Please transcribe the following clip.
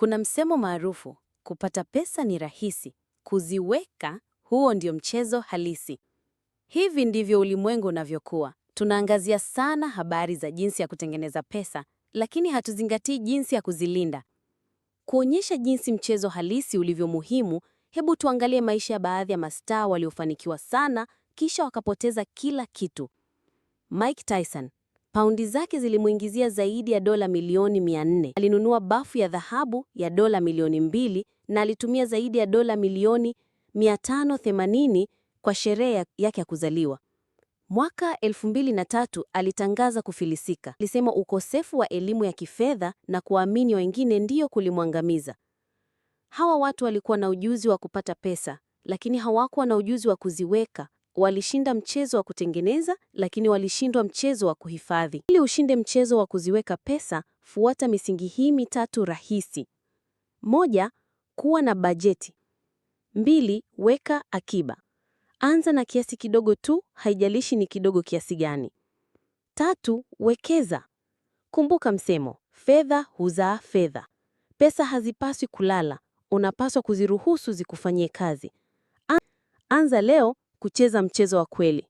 Kuna msemo maarufu, kupata pesa ni rahisi, kuziweka huo ndio mchezo halisi. Hivi ndivyo ulimwengu unavyokuwa. Tunaangazia sana habari za jinsi ya kutengeneza pesa, lakini hatuzingatii jinsi ya kuzilinda. Kuonyesha jinsi mchezo halisi ulivyo muhimu, hebu tuangalie maisha ya baadhi ya mastaa waliofanikiwa sana kisha wakapoteza kila kitu. Mike Tyson Paundi zake zilimuingizia zaidi ya dola milioni 400. Alinunua bafu ya dhahabu ya dola milioni mbili na alitumia zaidi ya dola milioni 580 kwa sherehe yake ya kuzaliwa. Mwaka 2003 alitangaza kufilisika. Alisema ukosefu wa elimu ya kifedha na kuwaamini wengine ndiyo kulimwangamiza. Hawa watu walikuwa na ujuzi wa kupata pesa, lakini hawakuwa na ujuzi wa kuziweka Walishinda mchezo wa kutengeneza, lakini walishindwa mchezo wa kuhifadhi. Ili ushinde mchezo wa kuziweka pesa, fuata misingi hii mitatu rahisi. Moja, kuwa na bajeti. Mbili, weka akiba. Anza na kiasi kidogo tu, haijalishi ni kidogo kiasi gani. Tatu, wekeza. Kumbuka msemo, fedha huzaa fedha. Pesa hazipaswi kulala, unapaswa kuziruhusu zikufanyie kazi. Anza leo kucheza mchezo wa kweli.